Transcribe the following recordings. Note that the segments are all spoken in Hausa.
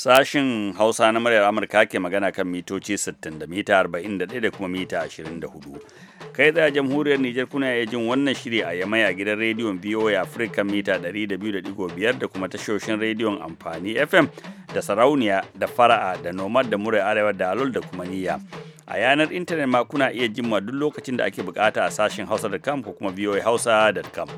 Sashin Hausa na muryar Amurka ke magana kan mitoci 60 da mita 41 da kuma mita 24. Kai tsaye jamhuriyar Nijar kuna iya jin wannan shiri a yamai a gidan rediyon VOA Africa mita 200.5 da kuma tashoshin rediyon amfani FM da sarauniya da fara'a da nomad da muryar arewa da alol da kuma niyya. A yanar intanet ma kuna iya jin ma duk lokacin da ake bukata a sashin hausa.com ko kuma hausa voahausa.com.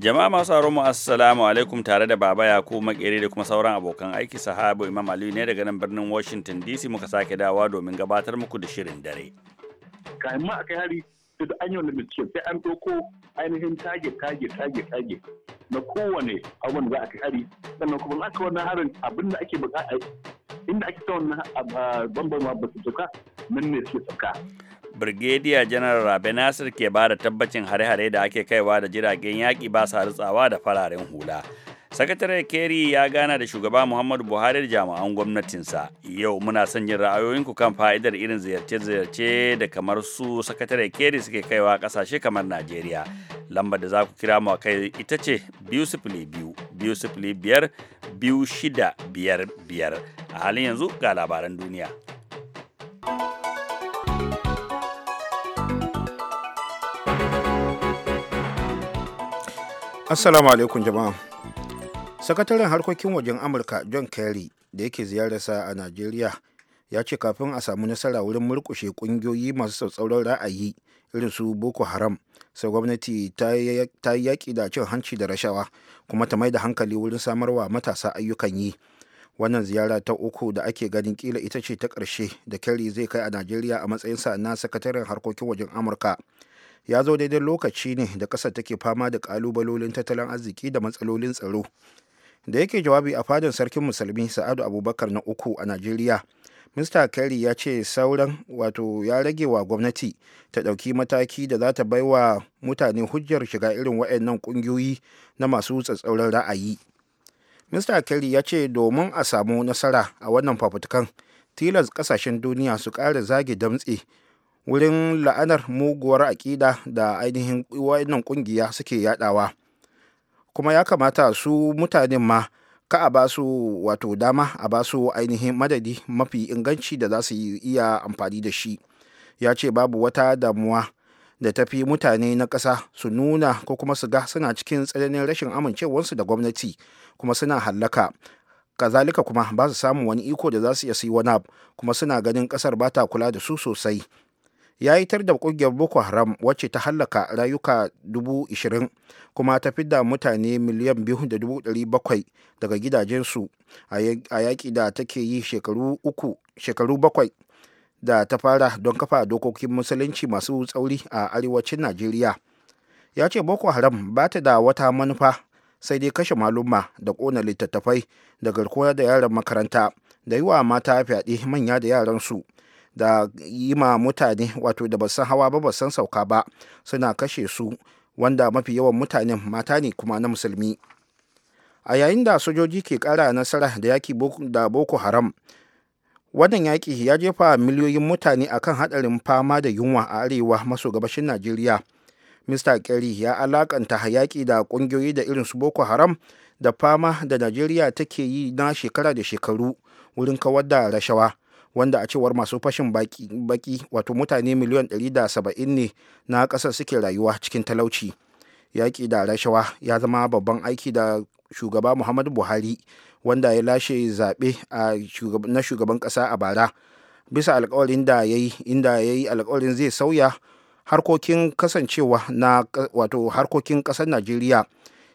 Jama'a masu sauraron mu assalamu alaikum tare da Baba Ya Yakubu Makere da kuma sauran abokan aiki sahabu Imam Aliyu ne daga nan birnin Washington DC muka sake dawa domin gabatar muku da shirin dare. Kayan ma aka hari sai da an yi wani bincike sai an ɗauko ainihin tage tage tage tage na kowane abin da za a kai hari sannan kuma za ka wannan harin abin da ake bukata inda ake ta wannan ah, ah, bambama ba su tuka nan ne suke tuka Brigadier General Rabe Nasir ke ba da tabbacin hare-hare da ake kaiwa da jiragen yaƙi ba sa ritsawa da fararen hula. Sakatare Kerry ya gana da shugaba Muhammadu Buhari da jami'an gwamnatinsa. Yau muna son jin ra'ayoyinku kan fa'idar irin ziyarce-ziyarce da kamar su Sakatare Kerry suke kaiwa kasashe kamar Najeriya. Lambar da za ku kira mu kai ita ce biyu sifili biyu biyu sifili biyar biyu shida biyar biyar. A halin yanzu ga labaran duniya. Assalamu alaikum jama'a. Sakataren harkokin wajen Amurka John Kerry da yake ziyararsa a Najeriya ya ce kafin a samu nasara wurin murƙushe ƙungiyoyi masu tsautsauran ra'ayi irin su Boko Haram sai gwamnati ta yi yaƙi da cin hanci da rashawa kuma ta mai da hankali wurin samarwa matasa ayyukan yi. Wannan ziyara ta uku da ake ganin kila ita ce ta ƙarshe da Kerry zai kai a Najeriya a matsayinsa na sakataren harkokin wajen Amurka. ya zo daidai lokaci ne da ƙasa take fama da ƙalubalolin tattalin arziki da matsalolin tsaro da yake jawabi a fadin sarkin musulmi sa'adu abubakar na uku a najeriya mista kerry ya ce sauran wato ya rage wa gwamnati ta ɗauki mataki da za ta bai wa mutane hujjar shiga irin waɗannan ƙungiyoyi na masu tsatsauran ra'ayi mista kerry ya ce domin a samu nasara a wannan fafutukan tilas ƙasashen duniya su ƙara zage damtse wurin la'anar muguwar aƙida da ainihin wannan ƙungiya suke yaɗawa kuma ya kamata su mutanen ma ka a ba su wato dama a ba su ainihin madadi mafi inganci da za su iya amfani da shi ya ce babu wata damuwa da tafi mutane na ƙasa su nuna ko kuma su ga suna cikin tsananin rashin amincewarsu da gwamnati kuma suna hallaka kazalika kuma ba su samun wani iko da za su iya su yi wani abu kuma suna ganin ƙasar ba ta kula da su sosai ya yitar da kungiyar boko haram wacce ta hallaka rayuka 20,000 kuma ta da mutane miliyan 2,700 daga gidajensu a yaƙi da take yi shekaru uku shekaru bakwai da ta fara don kafa dokokin musulunci masu tsauri a arewacin najeriya ya ce boko haram ba ta da wata manufa sai dai kashe maluma da ƙona littattafai da garkuwa da yaran makaranta da yi wa mata fyaɗe manya da yaransu da yi ma mutane wato da basan hawa ba basan sauka ba suna kashe su wanda mafi yawan mutanen mata ne kuma na musulmi a yayin da sojoji ke kara nasara da yaki da boko haram wannan yaƙi ya jefa miliyoyin mutane akan haɗarin fama da yunwa a arewa maso gabashin najeriya mista kerry ya alakanta yaƙi da ƙungiyoyi da irin su boko haram da fama da najeriya take yi na shekara da shekaru wurin kawar da rashawa wanda a cewar masu fashin baki wato mutane miliyan 170 ne na ƙasar suke rayuwa cikin talauci yaƙi da rashawa ya zama babban aiki da shugaba muhammadu buhari wanda ya lashe zaɓe na shugaban ƙasa a bara bisa alkawarin da ya yi inda ya yi alkawarin zai sauya harkokin kasancewa na wato harkokin ƙasar najeriya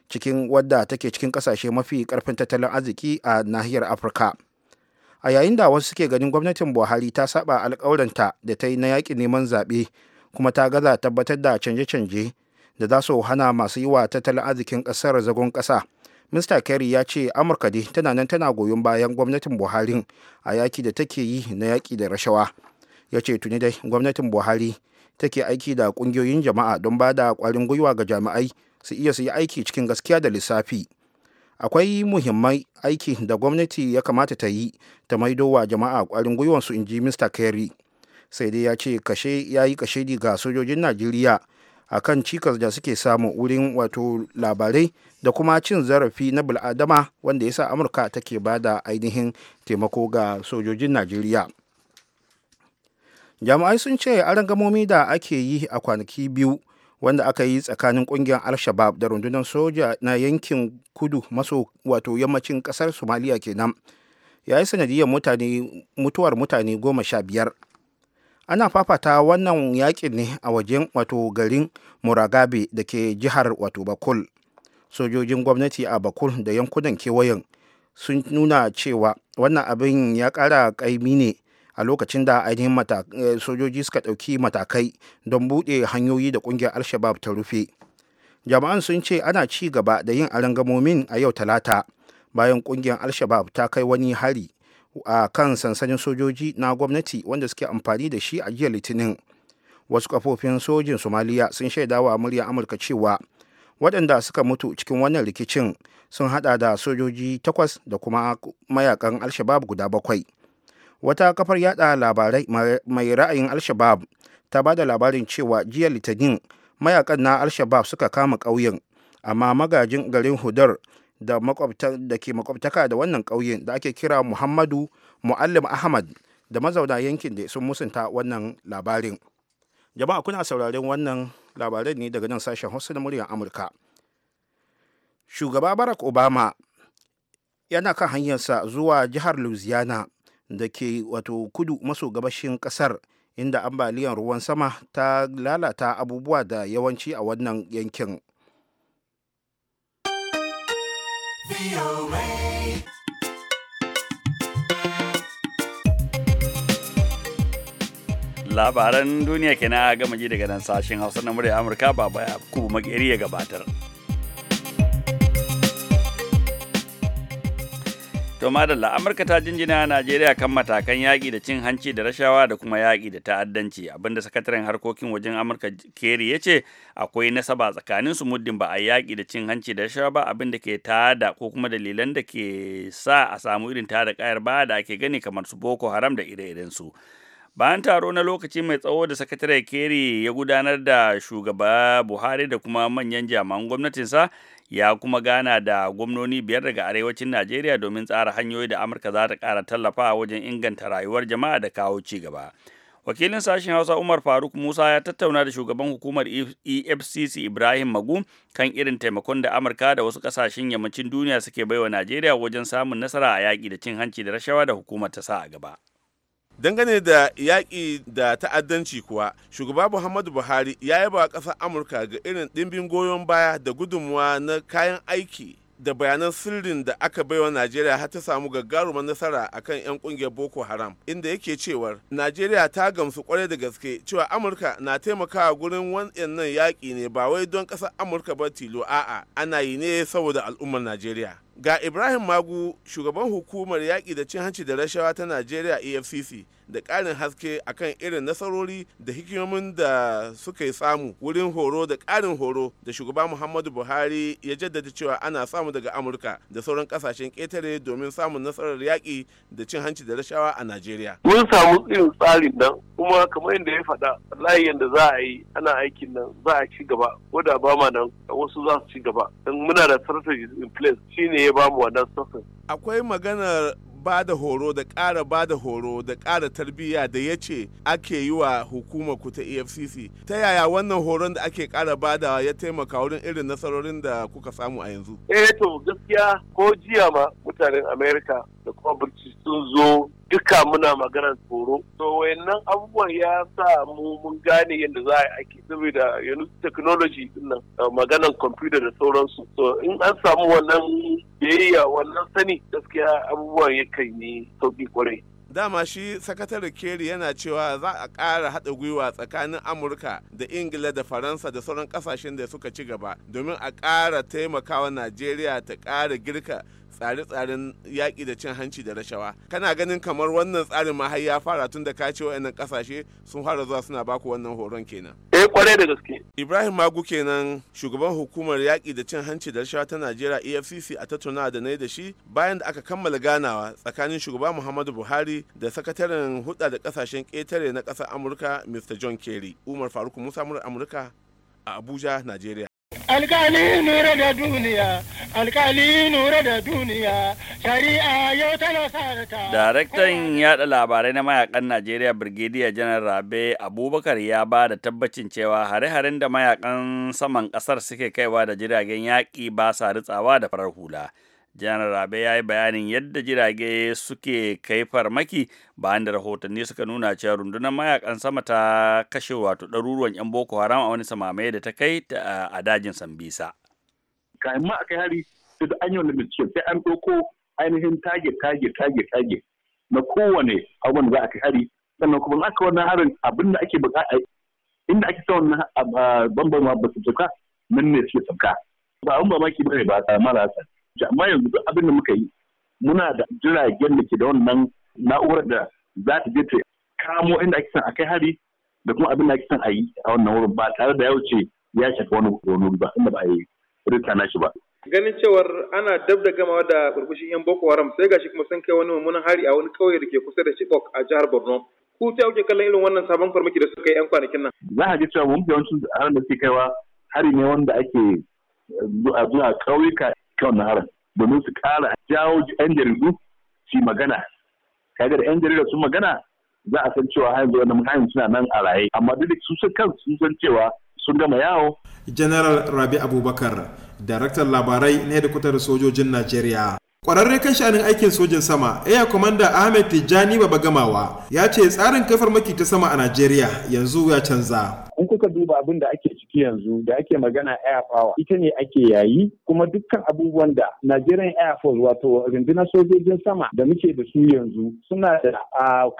cikin wadda take cikin ƙasashe mafi ƙarfin tattalin arziki a nahiyar afirka a yayin da wasu suke ganin gwamnatin buhari ta saba alkawuranta da ta yi na yaƙi neman zaɓe kuma ta gaza tabbatar da canje-canje da za su hana masu yi wa tattalin arzikin ƙasar zagon ƙasa mista kerry ya ce amurka dai tana nan tana goyon bayan gwamnatin buhari a yaƙi da take yi na yaƙi da rashawa ya ce tuni dai gwamnatin buhari take aiki da ƙungiyoyin jama'a don ba da ƙwarin gwiwa ga jami'ai su iya su yi aiki cikin gaskiya da lissafi akwai muhimman aiki da gwamnati ya kamata ta yi ta maido wa jama'a kwarin gwiwansu in ji mista kerry sai dai ya ce kashe ya yi kashedi ga sojojin najeriya a kan cikas da suke samu wurin wato labarai da kuma cin zarafi na bil'adama wanda ya sa amurka take ba da ainihin taimako ga sojojin najeriya jami'ai sun ce gamomi da ake yi a kwanaki biyu wanda aka yi tsakanin kungiyar al-shabab da rundunar soja na yankin kudu maso wato yammacin kasar somaliya kenan ya yi sanadiyar mutane mutuwar mutane goma sha biyar ana fafata wannan yakin ne a wajen wato garin muragabe da ke jihar wato bakul sojojin gwamnati a bakul da yankunan kewayen sun nuna cewa wannan abin ya ƙara ƙaimi ne a lokacin da ainihin eh, sojoji suka ɗauki matakai don buɗe hanyoyi da ƙungiyar alshabab ta rufe jama'an sun ce ana ci gaba da yin arangamomin a yau talata bayan ƙungiyar alshabab ta kai wani hari a kan sansanin sojoji na gwamnati wanda suke amfani da shi a jiya litinin wasu kafofin sojin somaliya sun shaidawa murya amurka cewa waɗanda suka mutu cikin wannan rikicin sun hada da sojoji takwas da kuma mayakan alshabab guda bakwai wata kafar yada labarai mai ra'ayin alshabab ta ba da labarin cewa jiya litinin mayakan na alshabab suka kama ƙauyen amma magajin garin hudar da da ke makwabtaka da wannan ƙauyen da ake kira muhammadu muallim ahmad da mazauna yankin da sun musunta wannan labarin jama'a kuna sauraren wannan labarin ne daga nan sashen hausa na muryar amurka shugaba barack obama yana kan hanyarsa zuwa jihar louisiana da ke wato kudu maso gabashin kasar inda ambaliyar ruwan sama ta lalata abubuwa da yawanci a wannan yankin labaran duniya kenan gama ji daga nan sashen hausa na murya amurka ba baya kuma makeri ya gabatar To madalla Amurka ta jinjina Najeriya kan matakan yaƙi da cin hanci da rashawa da kuma yaƙi da ta'addanci abinda sakataren harkokin wajen Amurka Kerry ya ce akwai nasaba tsakanin su muddin ba a yaƙi da cin hanci da rashawa ba abinda ke tada ko kuma dalilan da ke sa a samu irin tada kayar ba da ake gani kamar su Boko Haram da ire-iren su. Bayan taro na lokaci mai tsawo da sakataren Kerry ya gudanar da shugaba Buhari da kuma manyan jami'an gwamnatinsa ya kuma gana da gwamnoni biyar daga arewacin najeriya domin tsara hanyoyi da amurka za ta ƙara tallafawa wajen inganta rayuwar jama'a da kawo ci gaba wakilin sashen hausa umar faruk musa ya tattauna da shugaban hukumar efcc e ibrahim magu kan irin taimakon da amurka da wasu kasashen yammacin duniya suke baiwa najeriya wajen samun nasara a yaƙi da cin hanci da rashawa da hukumar ta sa a gaba dangane da yaƙi da ta'addanci kuwa shugaba muhammadu buhari ya yaba ƙasar amurka ga irin ɗimbin goyon baya da gudunmuwa na kayan aiki da bayanan sirrin da aka baiwa najeriya har ta samu gagarumar nasara a kan 'yan ƙungiyar boko haram inda yake cewar najeriya ta gamsu kwarai da gaske cewa amurka na taimakawa gurin wannan yaƙi ne ba wai don ƙasar amurka ba tilo a'a ana yi ne saboda al'ummar najeriya ga ibrahim magu shugaban hukumar yaƙi da cin hanci da rashawa ta najeriya efcc da ƙarin haske akan irin nasarori da hikimomin da suka yi samu wurin horo da ƙarin horo da shugaba muhammadu buhari ya jaddada cewa ana samu daga amurka da sauran kasashen ƙetare domin samun nasarar yaƙi da cin hanci da rashawa a najeriya mun samu irin tsarin nan kuma kamar yadda ya faɗa layi yadda za a yi ana aikin nan za a ci gaba ko da ba ma nan wasu za su ci gaba muna da strategies in place shine ya mu wannan sufin akwai maganar ba da horo da ƙara ba da horo da ƙara tarbiyya da ya ce ake yi wa hukumar ku ta efcc ta yaya wannan horon da ake ƙara da ya taimaka wurin irin nasarorin da kuka samu a yanzu eh to gaskiya ko jiya ma mutanen america da kuma birci sun zo duka muna maganar tsoro to wayannan abubuwan ya sa mu mun gane yadda za a ake saboda yanzu technology din nan eh, maganar computer da sauransu so in an samu wannan biyayya wannan sani gaskiya abubuwan yakan yi sauki kwarai dama shi sakatare kerry yana cewa za a kara haɗa gwiwa tsakanin amurka da ingila da faransa da sauran ƙasashen da suka ci gaba domin a ƙara taimakawa najeriya ta ƙara girka tsare-tsaren yaƙi da cin hanci da rashawa kana ganin kamar wannan tsarin ma ya fara tun da ka ce wa'annan ƙasashe sun fara zuwa suna baku wannan horon kenan eh kwarai da gaske ibrahim magu kenan shugaban hukumar yaƙi da cin hanci da rashawa ta najeriya efcc a tattauna da na da shi bayan da aka kammala ganawa tsakanin shugaba muhammadu buhari da sakataren hulɗa da kasashen ketare na ƙasar amurka mr john kerry umar faruk musa amurka a abuja najeriya Alkali nura da duniya, alkali nura da duniya, shari'a yau tana sarata. Daraktan yada labarai na mayakan Najeriya Birgidiya Janar Rabe Abubakar ya ba da tabbacin cewa hare-haren da mayakan saman kasar suke kaiwa da jiragen yaƙi ba sa ritsawa da farar hula. janar rabe ya yi bayanin yadda jirage suke kai farmaki bayan da rahotanni suka nuna cewa rundunar mayakan sama ta kashe wato ɗaruruwan 'yan boko haram a wani samame da ta kai a dajin sambisa kayan ma kai hari su da an yi wani sai an ɗauko ainihin tage tage tage tage na kowane abin za a kai hari sannan kuma aka wannan harin abin da ake buƙata inda ake sa wannan bambama ba su sauka nan ne suke sauka ba abin mamaki bane ba a hasan amma yanzu duk abin da muka yi muna da jiragen da ke da wannan na'urar da za ta je ta kamo inda ake son a kai hari da kuma abin da ake son a yi a wannan wurin ba tare da ya wuce ya shafi wani wani ba inda ba a yi rita na shi ba. Ganin cewar ana dab da gamawa da burbushin 'yan Boko Haram sai gashi kuma sun kai wani mummunan hari a wani kauye da ke kusa da Chibok a jihar Borno. Ku ta yauke kallon irin wannan sabon farmaki da suka yi 'yan kwanakin nan? Za a ji cewa mun yawancin da suke kaiwa hari ne wanda ake zuwa ƙauyuka kan na harin domin su ƙara jawo 'yan jaridu su magana kaga da 'yan jarida sun magana za a san cewa yanzu wannan hayan suna nan a raye amma duk su sun kan sun san cewa sun gama yawo general rabi abubakar daraktan labarai na hedikwatar sojojin najeriya kwararre kan sha'anin aikin sojin sama air commander ahmed tijjani baba gamawa ya ce tsarin kafar maki ta sama a najeriya yanzu ya canza muka duba abin da ake ciki yanzu da ake magana air power ita ne ake yayi kuma dukkan abubuwan da Nigerian Air Force wato rundunar sojojin sama da muke da su yanzu suna da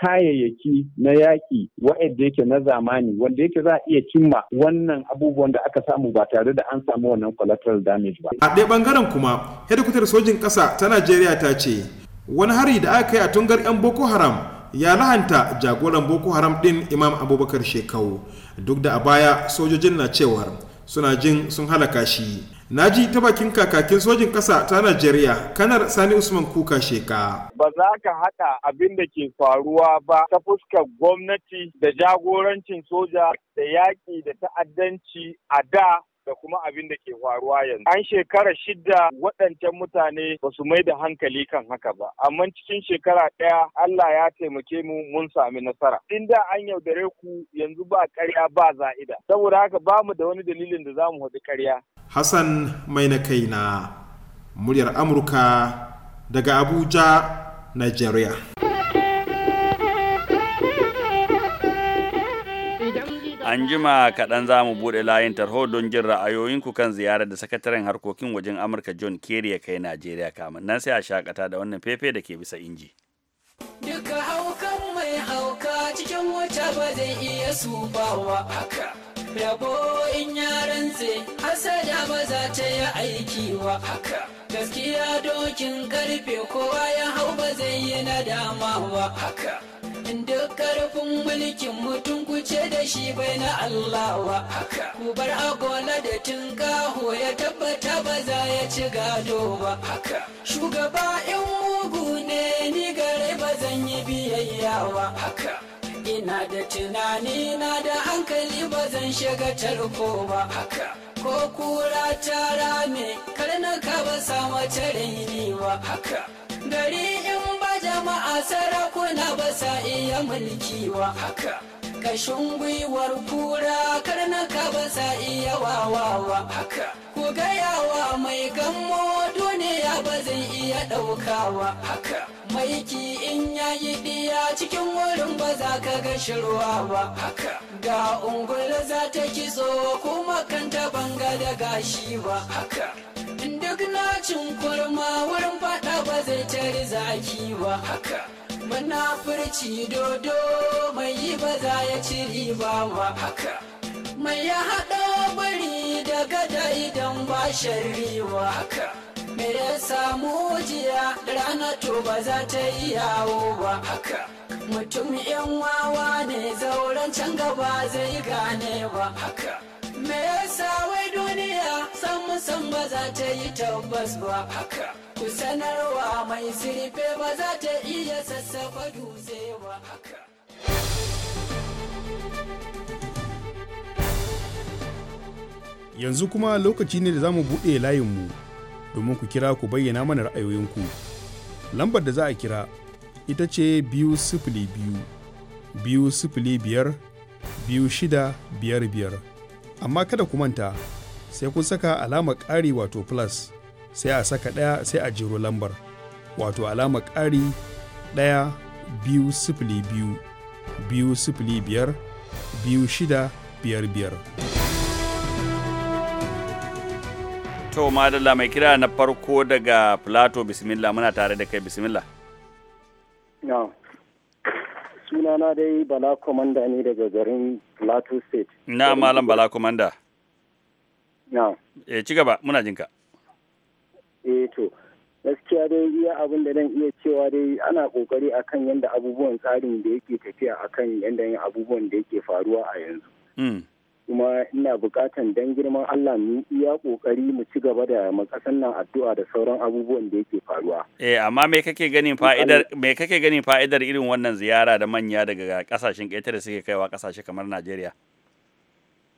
kayayyaki na yaƙi wa'anda yake na zamani wanda yake za a iya cimma wannan abubuwan da aka samu ba tare da an samu wannan collateral damage ba. A ɗaya bangaren kuma, hedikwatar sojin ƙasa ta Najeriya ta ce, wani hari da aka yi a tungar 'yan Boko Haram ya lahanta jagoran boko haram din imam abubakar shekau duk da a baya sojojin na cewar suna jin sun halaka shi naji ta bakin kakakin sojin ƙasa ta najeriya kanar sani usman kuka sheka ba za ka haɗa abin da ke faruwa ba ta fuskar gwamnati da jagorancin soja da yaƙi da ta'addanci a da da kuma abin da ke faruwa yanzu. An shekara shida waɗancan mutane ba su mai da hankali kan haka ba, amma cikin shekara ɗaya Allah ya taimake mu mun sami nasara. In da an yaudare ku yanzu ba karya ba za'ida, saboda haka ba mu da wani dalilin da za mu haɗu karya. Hassan mai na kai na muryar Amurka daga Abuja, Nigeria. an jima kaɗan za mu buɗe layin tarho don jin ra'ayoyinku kan ziyarar da sakataren harkokin wajen amurka john kerry ya kai najeriya kamun nan sai a shakata da wannan fefe da ke bisa inji duka haukan mai hauka cikin wata ba zai iya su bawa haka rabo in ya rantse ba za ta yi aiki wa gaskiya dokin karfe kowa ya hau ba zai yi na wa haka domin duk karfin mulkin mutum ku ce da shi bai na Allah wa haka ku bar agola da tunkaho ya tabbata ba za ya ci gado ba haka shugaba in mugu ne ni gare ba zan yi biyayya wa. haka ina da tunani na da hankali ba zan shiga tarko ba haka ko kura ta rame karnaka ba samu tare ni ba haka gari in jama'a sarakuna ba sa iya mulki wa haka kashin gwiwar kura karnaka ba sa iya wawawa haka ku gayawa mai gammo duniya ba zai iya ɗaukawa haka maiki in yayi ɗiya cikin wurin ba za ka ga shirwa ba haka ga ungul za ta kitso kuma kanta banga da gashi ba haka magnacin kwarma wurin fada ba zai tari zaki ba haka munafurci dodo mai yi ba za ya ci riba ba haka mai ya haɗa bari da gada idan ba shari ba haka me ya samu jiya rana to ba za ta yi yawo ba haka mutum yan wawa ne zauren can gaba zai gane ba haka me yasa wai duniya san musan ba za ta yi tabbas ba haka ku sanarwa mai sirfe ba za ta iya sassafa dutse ba haka yanzu kuma lokaci ne da za mu buɗe layinmu domin ku kira ku bayyana mana ra'ayoyinku lambar da za a kira ita ce biyu sifili biyu biyu sifili biyar biyu shida biyar biyar amma kada ku manta sai kun saka alama ƙari wato plus sai a saka ɗaya sai a jiro lambar wato alama ƙari ɗaya biyu sifili biyu biyu sifili biyar biyu shida biyar biyar. To madalla mai kira na farko daga Plato bismillah muna tare da kai bismillah. sunana dai Bala Komanda ne daga garin Plateau State. Na Malam Bala Komanda. Na. E ci gaba muna jinka. E eh, to gaskiya dai iya abin da dan iya cewa dai ana kokari akan yadda abubuwan tsarin da yake tafiya akan yadda abubuwan da yake faruwa a yanzu. Hmm. kuma ina bukatan dan girman Allah mu iya kokari mu ci gaba da makasan nan addu'a da sauran abubuwan da yake faruwa. Eh amma me kake ganin fa'idar me kake ganin fa'idar irin wannan ziyara da manya daga kasashen ƙetare suke kaiwa kasashe kamar Najeriya?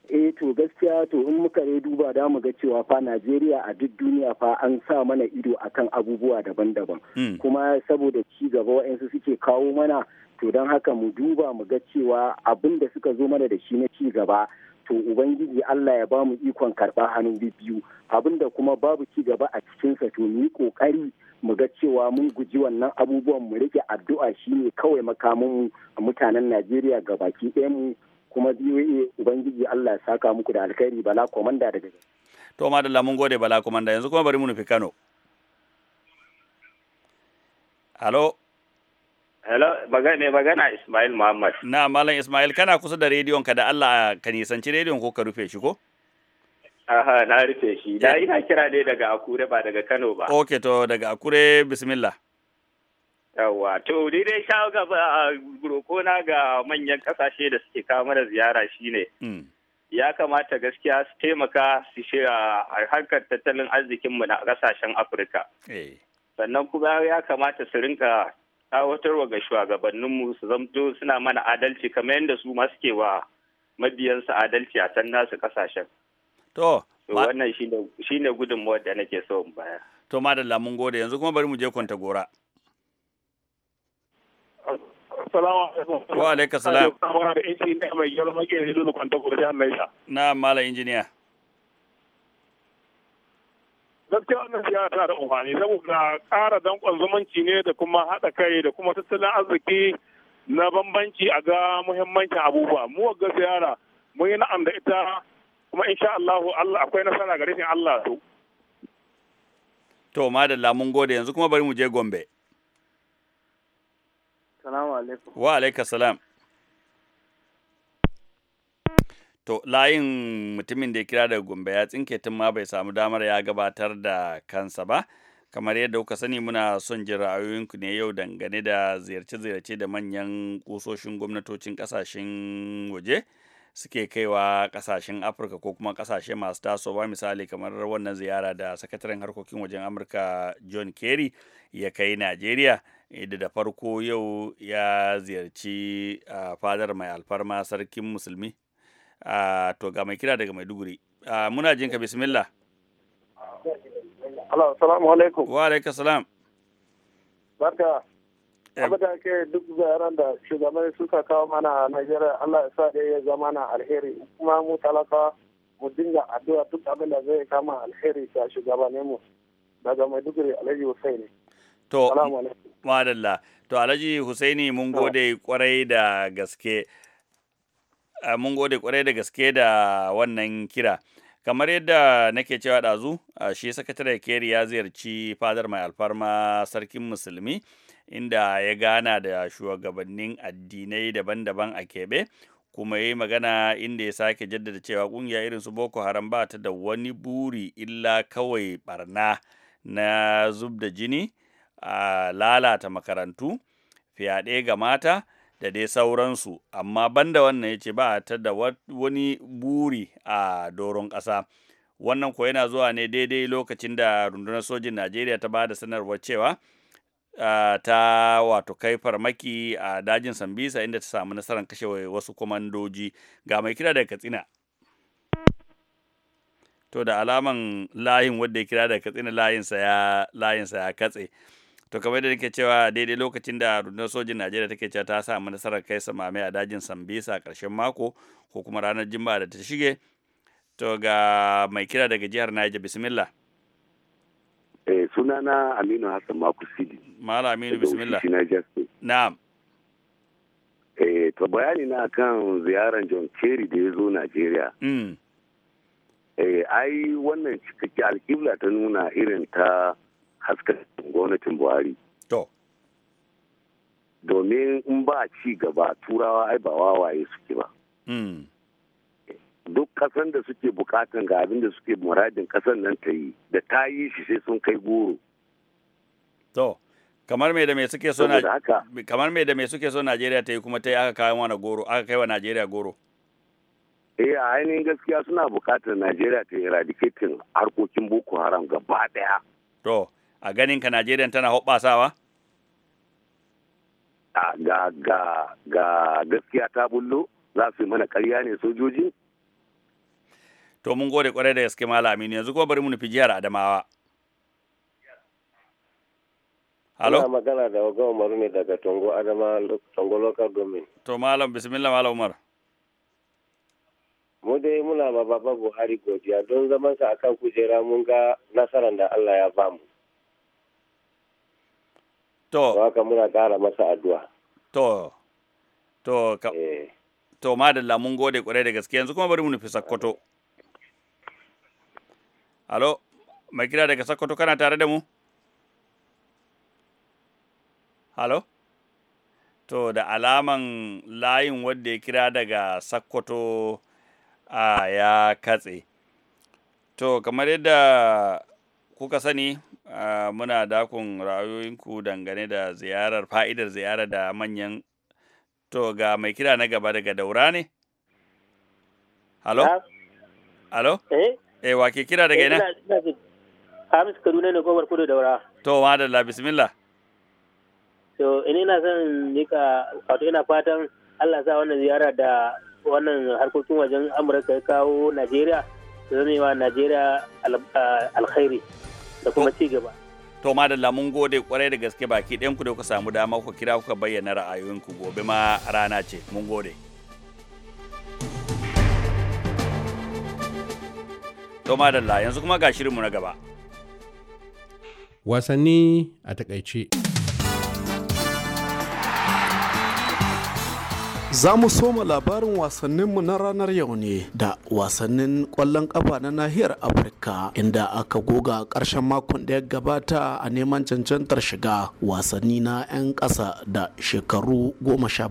eh to gaskiya to in muka yi duba da mu ga cewa fa Najeriya a duk duniya fa an sa mana ido akan abubuwa daban-daban hmm. kuma saboda ci gaba wa'ansu suke kawo mana to don haka mu duba mu ga cewa abin da suka zo mana da shi na ci gaba to ubangiji Allah ya bamu ikon karɓa hannu biyu abinda kuma babu ci gaba a cikinsa to mu yi ƙoƙari mu ga cewa mun guji wannan abubuwan mu rike addu'a shine kawai makamin mutanen Najeriya ga baki ɗaya mu kuma DOA ubangiji Allah ya saka muku da alkhairi bala komanda daga to madalla mun gode bala komanda yanzu kuma bari mu nufi Kano Halo. Hello, magana magana Ismail Muhammad. Na Malam Ismail kana kusa da rediyon ka da Allah ka nisanci rediyon ko ka rufe shi ko? Aha, na rufe shi. Da ina kira ne daga Akure ba daga Kano ba. Ok, to daga Akure bismillah. Yawa, to ni dai sha ga guroko na ga manyan kasashe da suke kama da ziyara shine. Hmm. Ya kamata gaskiya su taimaka su shiga harkar tattalin arzikinmu na kasashen Afirka. Eh. Sannan kuma ya kamata su rinka wa ga shugabanninmu su zamto suna mana adalci kamar yadda su ma suke wa mabiyansu adalci a can nasu kasashen. To, wannan shi ne gudunmawar da nake so in baya. To, madalla mun gode yanzu kuma bari mu je kwanta gora. Wa alaika salam. Na mala injiniya. gaskiya wannan siyasa da amfani saboda ƙara danƙon zumunci ne da kuma haɗa kai da kuma tattalin arziki na bambanci a ga muhimmancin abubuwa mu ga ziyara mun yi na'am da ita kuma insha Allah Allah akwai nasara gare shi Allah to to madalla mun gode yanzu kuma bari mu je Gombe salamu alaikum wa alaikum salam To layin mutumin da ya kira daga Gombe ya tsinke tun ma bai samu damar ya gabatar da kansa ba. Kamar yadda kuka sani muna son jin ra'ayoyinku ne yau dangane da ziyarce-ziyarce da manyan kusoshin gwamnatocin kasashen waje suke kaiwa kasashen Afirka ko kuma kasashe masu tasowa misali kamar wannan ziyara da sakataren harkokin wajen Amurka John Kerry ya kai Najeriya. da da farko yau ya ziyarci ah, fadar mai alfarma sarkin musulmi to ga mai kira daga maiduguri muna jin ka bismillah Hello, alaikum. Wa alaikum salam. Barka. Eh. Abada ke duk zaran da shugaban suka kawo mana a Najeriya Allah ya sa ya zama na alheri kuma mu talaka mu dinga addu'a duk abin da zai kama alheri ga shugabanin mu daga Maiduguri Alhaji Hussaini. To, madalla. To, Alhaji Hussaini mun gode kwarai da gaske. Ah, mun gode kwarai da gaske da wannan kira kamar yadda nake cewa ɗazu shi sakatare keri ya ziyarci fadar mai alfarma sarkin musulmi inda ya gana da shugabannin addinai daban-daban a keɓe kuma ya yi magana inda ya sake jaddada cewa ƙungiya irin su boko haram ba ta da wani buri illa kawai barna na zub da jini a lalata makarantu fyaɗe ga mata da dai sauransu amma banda wannan ya ce ba ta da wani buri a doron ƙasa wannan ko yana zuwa ne daidai lokacin da rundunar sojin najeriya ta ba da sanarwar cewa ta wato kai farmaki a dajin sambisa inda ta samu nasarar kashe wasu kwamandoji ga mai kira da katsina to da alaman layin wadda ya kira da katsina layinsa ya katse to kamar da nake cewa daidai lokacin da rundunar sojin najeriya take cewa ta samu nasarar kai samame a dajin sambisa a karshen mako ko kuma ranar juma'a da ta shige to ga mai kira daga jihar naija bismillah eh sunana aminu hassan makusidi malam aminu bismillah na'am eh to bayani na kan ziyarar john kerry da ya zo najeriya mm. eh ai wannan cikakke alƙibla ta nuna irin ta haskacin gwamnatin buhari domin in ba ci gaba turawa ai ba wawaye suke ba hmm. duk kasan da suke bukatan ga abin da suke muradin kasan nan ta yi da ta yi shi sai sun kai goro to kamar me da me suke so kamar mai da mai suke so Najeriya ta yi kuma ta yi aka kawo mana goro aka kai wa Najeriya goro eh a ainihin gaskiya suna bukatar Najeriya ta yi eradicating harkokin Boko Haram gaba daya to a ganin ka Najeriya tana hoɓasawa? ga ga ga gaskiya ta bullo za su yi mana karya ne sojoji to mun gode kwarai da gaske malami aminu yanzu kuma bari mu nufi jihar Adamawa Halo? Ina magana da Oga Umaru ne daga Tongo Adama Tongo Local domin. To Malam Bismillah Malam Umar. Mu dai muna ma Baba Buhari godiya don zaman sa akan kujera mun ga nasarar da Allah ya bamu. to haka muna ƙara masa addu'a to to ka eh. to madalla mun gode ƙwarai da gaske yanzu kuma bari mu nufi sakkwato alo mai kira daga sakkwato kana tare da mu alo to da alaman layin wadda ya kira daga sakkwato a ya katse to kamar yadda kuka sani Ah, muna dakon ra'ayoyinku dangane da ziyarar fa'idar ziyara da manyan to ga mai kira na gaba daga daura ne halo halo eh? eh wa ke kira daga eh, ina Hamis Kaduna ne gobar kudu daura to ma da la bismillah to ina na son nika wato ina fatan Allah sa wannan ziyara da wannan harkokin wajen Amurka ya kawo Najeriya zama wa Najeriya ah, alkhairi da kuma ci gaba. To madalla mun gode kwarai da gaske baki ɗayan ku da kuka samu dama ku kira kuka bayyana ra'ayoyinku gobe ma rana ce mun gode. To madalla yanzu kuma ga shirinmu na gaba. Wasanni a takaice. Za mu soma labarin wasanninmu na ranar yau ne da wasannin ƙwallon ƙafa na nahiyar Afirka inda aka goga ƙarshen makon da ya gabata a neman cancantar shiga wasanni na 'yan ƙasa da shekaru goma sha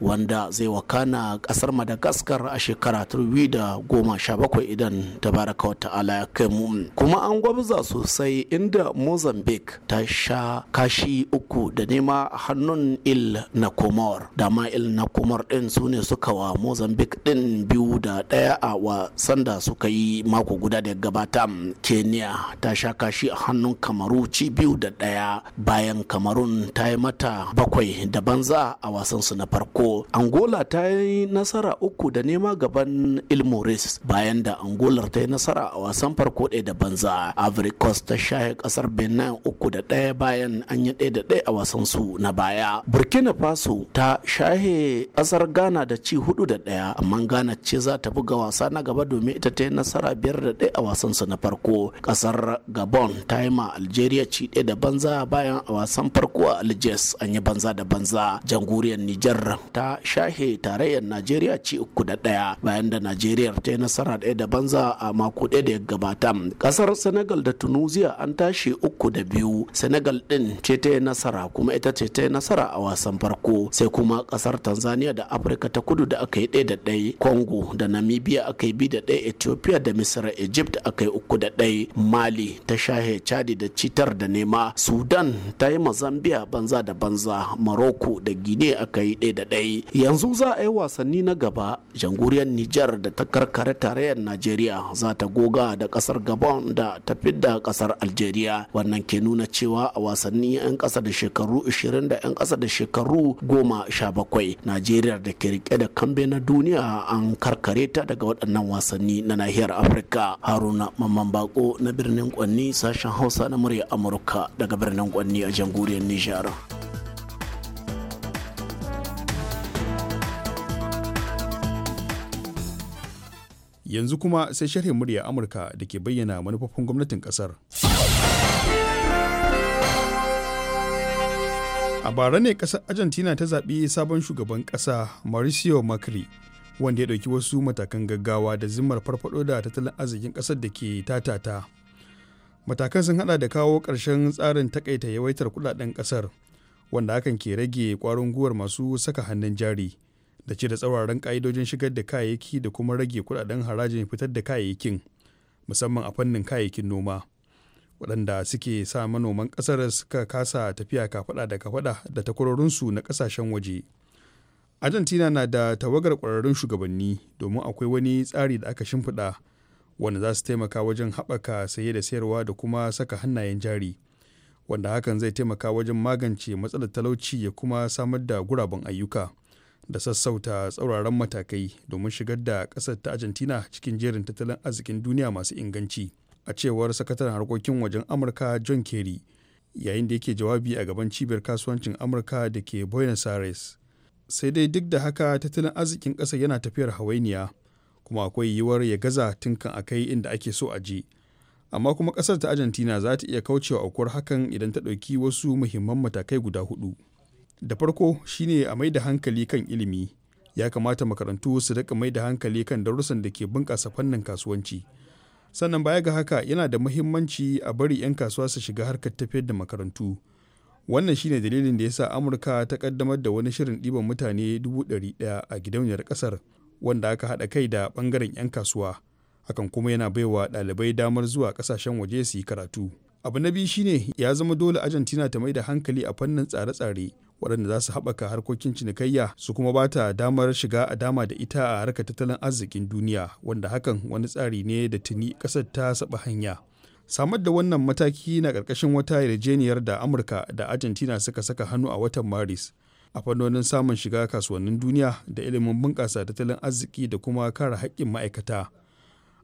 wanda zai wakana ƙasar Madagaskar a shekara da goma sha idan tabaraka wa ta'ala ya kai mu. Kuma an gwabza sosai inda Mozambique ta sha kashi uku da nema hannun Il na Komor. Dama Il na Komor ivoire din su ne suka wa mozambique ɗin biyu da ɗaya a wasan da suka yi mako guda da gabata kenya ta sha kashi a hannun kamaru ci biyu da ɗaya, bayan kamarun ta yi mata bakwai da banza a wasan su na farko angola ta yi nasara uku da nema gaban ilmores bayan da angolar ta yi nasara a wasan farko ɗaya da banza Coast ta shahe kasar benin uku da ɗaya bayan an yi ɗaya da ɗaya a wasan su na baya burkina faso ta shahe kasar ghana da ci hudu da daya amma ghana ce za ta buga wasa na gaba domin ita ta yi nasara biyar da daya a su na farko kasar gabon ta yi ma algeria ci daya da banza bayan a wasan farko a algiers an yi banza da banza jamhuriyar niger ta shahe tarayyar najeriya ci uku da daya bayan da najeriya ta yi nasara daya da banza a mako daya da ya gabata kasar senegal da tunisia an tashi uku da biyu senegal din ce ta yi nasara kuma ita ce ta yi nasara a wasan farko sai kuma kasar tanzania da afirka ta kudu da aka yi ɗaya da ɗaya congo da namibia aka yi biyu da ɗaya ethiopia da misra egypt aka yi uku da ɗaya mali ta shahe chadi da citar da nema sudan ta yi mazambia banza da banza morocco da guinea aka yi ɗaya da ɗaya yanzu za a yi wasanni na gaba jamhuriyar niger da ta karkare tarayyar najeriya za ta goga da ƙasar gabon da ta fidda ƙasar algeria wannan ke nuna cewa a wasanni 'yan ƙasa da shekaru 20 da 'yan ƙasa da shekaru 17 najeriya najeriya da ke rike da kambe na duniya an karkare ta daga waɗannan wasanni na nahiyar afirka haruna mamman bako na birnin kwanni sashen hausa na murya amurka daga birnin kwanni a jamhuriyar nijar yanzu kuma sai sharhin murya amurka da ke bayyana manufofin gwamnatin kasar. a bara ne kasar argentina ta zaɓi sabon shugaban ƙasa mauricio macri wanda ya ɗauki wasu matakan gaggawa da zimmar farfaɗo da tattalin arzikin ƙasar da ke tatata matakan sun hada da kawo ƙarshen tsarin takaita yawaitar kudaden ƙasar wanda hakan ke rage ƙwarin guwar masu saka hannun jari da ce da tsauraran ƙa'idojin shigar da kayayyaki da kuma rage kudaden harajin fitar da kayayyakin musamman a fannin kayayyakin noma waɗanda suke sa manoman ƙasar suka kasa tafiya kafaɗa da kafaɗa da takwarorinsu na ƙasashen waje argentina na da tawagar ƙwararrun shugabanni domin akwai wani tsari da aka shimfiɗa wanda za su taimaka wajen haɓaka saye da sayarwa da kuma saka hannayen jari wanda hakan zai taimaka wajen magance matsalar talauci ya kuma samar da guraben ayyuka da sassauta tsauraran matakai domin shigar da ƙasar ta argentina cikin jerin tattalin arzikin duniya masu inganci. a cewar sakataren harkokin wajen amurka john kerry yayin da yake jawabi a gaban cibiyar kasuwancin amurka da ke buenos aires sai dai duk da haka tattalin arzikin ƙasa yana tafiyar hawainiya kuma akwai yiwuwar ya gaza tunkan a kai inda ake so a je amma kuma ƙasar ta argentina za ta iya kaucewa aukuwar hakan idan ta ɗauki wasu muhimman matakai guda hudu da farko shine a mai da hankali kan ilimi ya kamata makarantu su daƙa mai da hankali kan darussan da ke bunƙasa fannin kasuwanci sannan baya ga haka yana da muhimmanci a bari 'yan kasuwa su shiga harkar tafiyar da makarantu wannan shine dalilin da ya sa amurka ta kaddamar da wani shirin ɗiban mutane 100,000 a gidauniyar ƙasar wanda aka haɗa kai da ɓangaren 'yan kasuwa hakan kuma yana baiwa ɗalibai damar zuwa ƙasashen waje su yi karatu abu na biyu shine ya zama dole argentina ta mai da hankali a fannin tsare-tsare waɗanda za su haɓaka harkokin cinikayya su kuma ba ta damar shiga a dama da ita a harkar tattalin arzikin duniya wanda hakan wani tsari ne da tuni ƙasar ta saba hanya samar da wannan mataki na ƙarƙashin wata yarjejeniyar da amurka da argentina suka saka hannu a watan maris a fannonin samun shiga kasuwannin duniya da ilimin bunƙasa tattalin arziki da kuma kare haƙƙin ma'aikata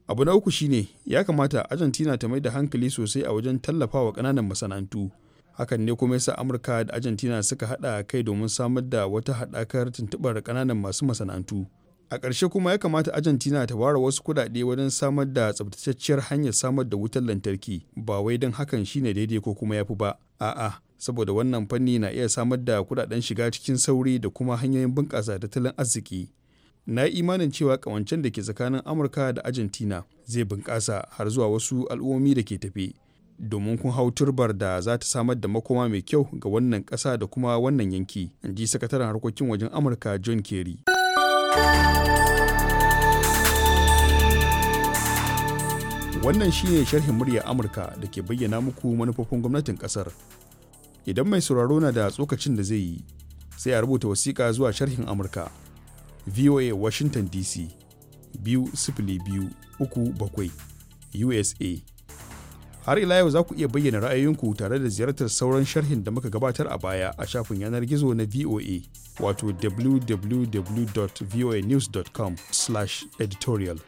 abu na uku shine ya kamata argentina ta mai da hankali sosai a wajen tallafawa ƙananan masana'antu hakan ne kuma yasa amurka da argentina suka haɗa kai domin samar da wata haɗakar tuntuɓar kananan masu masana'antu a ƙarshe kuma ya kamata argentina ta ware wasu kuɗaɗe wajen samar da tsabtacciyar hanyar samar da wutar lantarki ba wai don hakan shine daidai ko kuma yafi ba a'a saboda wannan fanni na iya samar da kuɗaɗen shiga cikin sauri da kuma hanyoyin bunƙasa tattalin arziki na yi imanin cewa ƙawancen da ke tsakanin amurka da argentina zai bunƙasa har zuwa wasu al'ummomi da ke tafe domin kun hau turbar da za ta samar da makoma mai kyau ga wannan ƙasa da kuma wannan yanki in ji sakataren harkokin wajen amurka john kerry wannan shine sharhin murya amurka da ke bayyana muku manufofin gwamnatin ƙasar idan mai sauraro na da tsokacin da zai yi sai a rubuta wasiƙa zuwa sharhin amurka voa washington dc biyu sifili usa har ila yau za ku iya bayyana ra'ayoyinku tare da ziyartar sauran sharhin da muka gabatar a baya a shafin yanar gizo na voa wato www.voanews.com editorial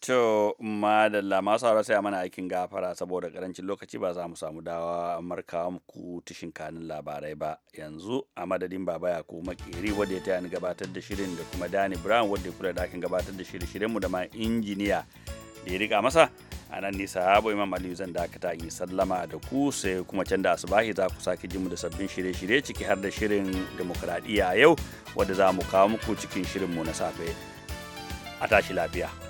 to madalla masu haura sai mana aikin gafara saboda karancin lokaci ba za mu samu dawa marka muku tushin kanin labarai ba yanzu a madadin baba ya kuma makeri wadda ya tayani gabatar da shirin da kuma dani brown wadda ya kula da aikin gabatar da shirye-shiryenmu da ma injiniya da ya riga masa a nan nisa abu imam aliyu zan dakata in sallama da ku sai kuma can da asubahi za ku sake mu da sabbin shirye-shirye ciki har da shirin demokradiyya yau wadda za mu kawo muku cikin shirin mu na safe a tashi lafiya